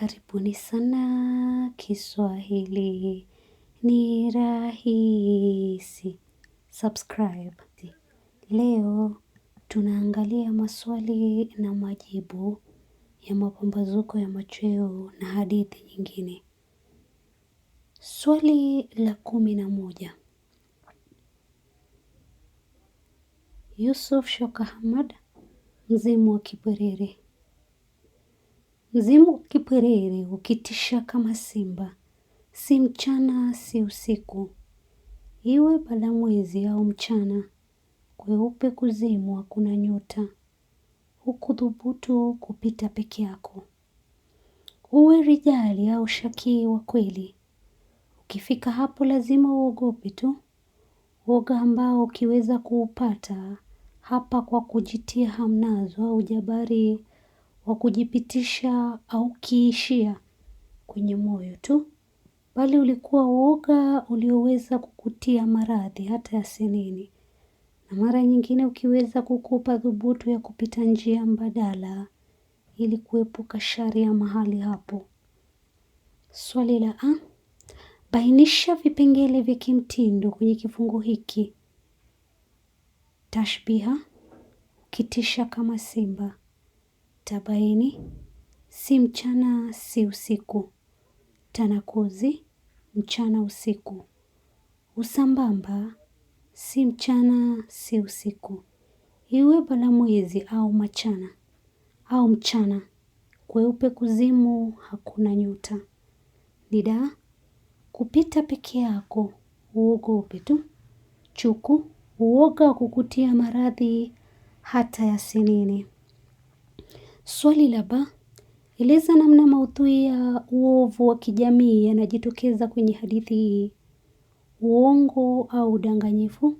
Karibuni sana kiswahili ni rahisi. Subscribe. Leo tunaangalia maswali na majibu ya mapambazuko ya machweo na hadithi nyingine. Swali la kumi na moja. Yusuf Shoka Hamad, mzimu wa Kiperere Mzimu kipwerere ukitisha kama simba, si mchana si usiku, iwe mwezi au mchana, kweupe kuzimu hakuna nyota, dhubutu kupita peke yako. Uwe rijali au shakii wa kweli, ukifika hapo lazima uogope tu, woga ambao ukiweza kuupata hapa kwa kujitia hamnazo au jabari wa kujipitisha kiishia kwenye moyo tu, bali ulikuwa woga ulioweza kukutia maradhi hata ya senini, na mara nyingine ukiweza kukupa dhubutu ya kupita njia mbadala ili kuepuka shari ya mahali hapo. Swali la a, bainisha vipengele vya kimtindo kwenye kifungu hiki: tashbiha, ukitisha kama simba tabaini, si mchana si usiku, tanakuzi mchana usiku, usambamba si mchana si usiku, iwe bala mwezi au machana au mchana, kweupe kuzimu hakuna nyota, nidaa kupita peke yako uogope tu, chuku uoga wa kukutia maradhi hata ya sinini. Swali la ba, eleza namna maudhui ya uovu wa kijamii yanajitokeza kwenye hadithi hii. Uongo au udanganyifu?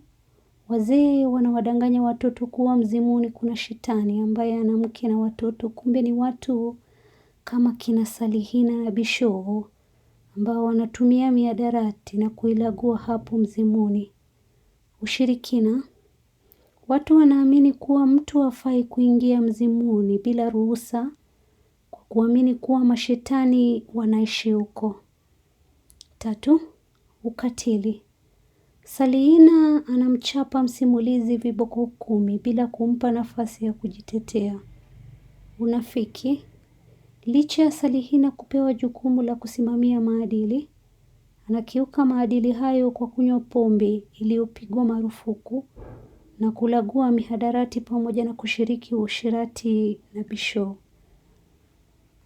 Wazee wanawadanganya watoto kuwa mzimuni kuna shetani ambaye ana mke na watoto, kumbe ni watu kama kina Salihina na Bishoo ambao wanatumia miadarati na kuilagua hapo mzimuni. Ushirikina Watu wanaamini kuwa mtu hafai kuingia mzimuni bila ruhusa kwa kuamini kuwa mashetani wanaishi huko. Tatu, ukatili. Salihina anamchapa msimulizi viboko kumi bila kumpa nafasi ya kujitetea. Unafiki. Licha ya Salihina kupewa jukumu la kusimamia maadili, anakiuka maadili hayo kwa kunywa pombe iliyopigwa marufuku na kulagua mihadarati pamoja na kushiriki uasherati na bisho.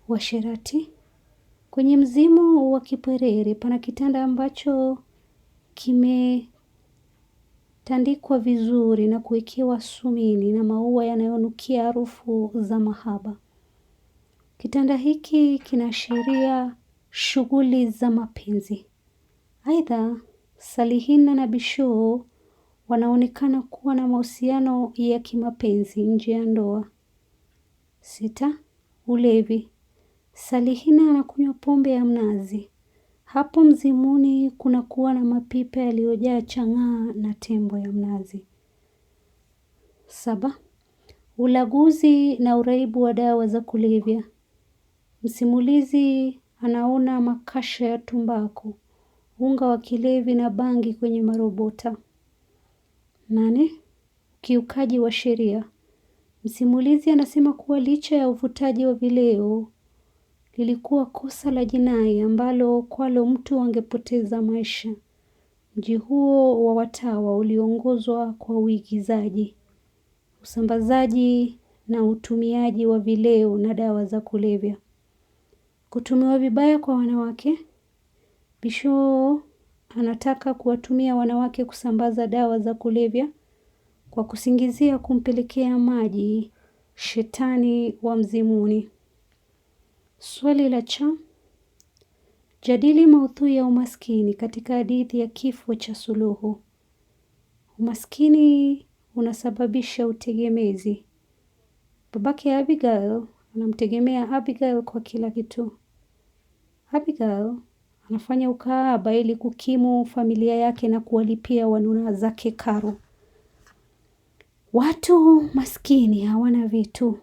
washerati kwenye mzimu wa Kipwerere pana kitanda ambacho kimetandikwa vizuri na kuwekewa sumini na maua yanayonukia harufu za mahaba. Kitanda hiki kinaashiria shughuli za mapenzi. Aidha, Salihina na Bishoo wanaonekana kuwa na mahusiano ya kimapenzi nje ya ndoa. Sita, ulevi. Salihina anakunywa pombe ya mnazi. Hapo mzimuni kuna kuwa na mapipa yaliyojaa chang'aa na tembo ya mnazi. Saba, ulaguzi na uraibu wa dawa za kulevya. Msimulizi anaona makasha ya tumbaku, unga wa kilevi na bangi kwenye marobota. Nane, ukiukaji wa sheria. Msimulizi anasema kuwa licha ya uvutaji wa vileo lilikuwa kosa la jinai ambalo kwalo mtu angepoteza maisha. Mji huo wa watawa uliongozwa kwa uigizaji, usambazaji na utumiaji wa vileo na dawa za kulevya. Kutumiwa vibaya kwa wanawake. vishoo anataka kuwatumia wanawake kusambaza dawa za kulevya kwa kusingizia kumpelekea maji shetani wa mzimuni. Swali la cha jadili maudhui ya umaskini katika hadithi ya kifo cha Suluhu. Umaskini unasababisha utegemezi. Babake Abigail anamtegemea Abigail kwa kila kitu. Abigail anafanya ukaaba ili kukimu familia yake na kuwalipia wanuna zake karo. Watu maskini hawana vitu.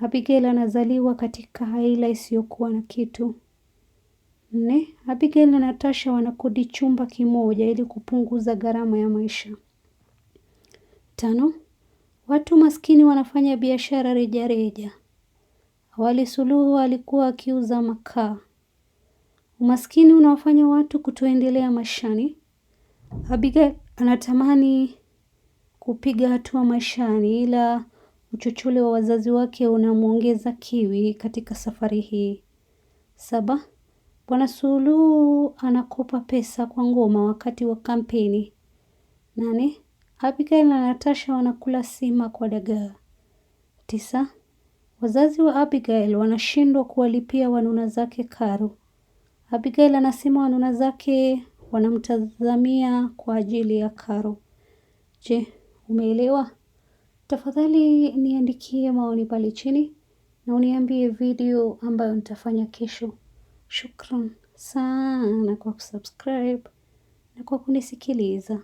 Abigail anazaliwa katika haila isiyokuwa na kitu. Nne, Abigail na Natasha wanakodi chumba kimoja ili kupunguza gharama ya maisha. Tano, watu maskini wanafanya biashara rejareja. Awali Suluhu alikuwa akiuza makaa umaskini unawafanya watu kutoendelea maishani. Abigail anatamani kupiga hatua maishani ila uchochole wa wazazi wake unamwongeza kiwi katika safari hii. Saba, Bwana Suluhu anakopa pesa kwa Ngoma wakati wa kampeni. Nane, Abigail na Natasha wanakula sima kwa dagaa. Tisa, wazazi wa Abigail wanashindwa kuwalipia wanuna zake karo. Abigail anasema wanuna zake wanamtazamia kwa ajili ya karo. Je, umeelewa? Tafadhali niandikie maoni pale chini na uniambie video ambayo nitafanya kesho. Shukran sana kwa kusubscribe na kwa kunisikiliza.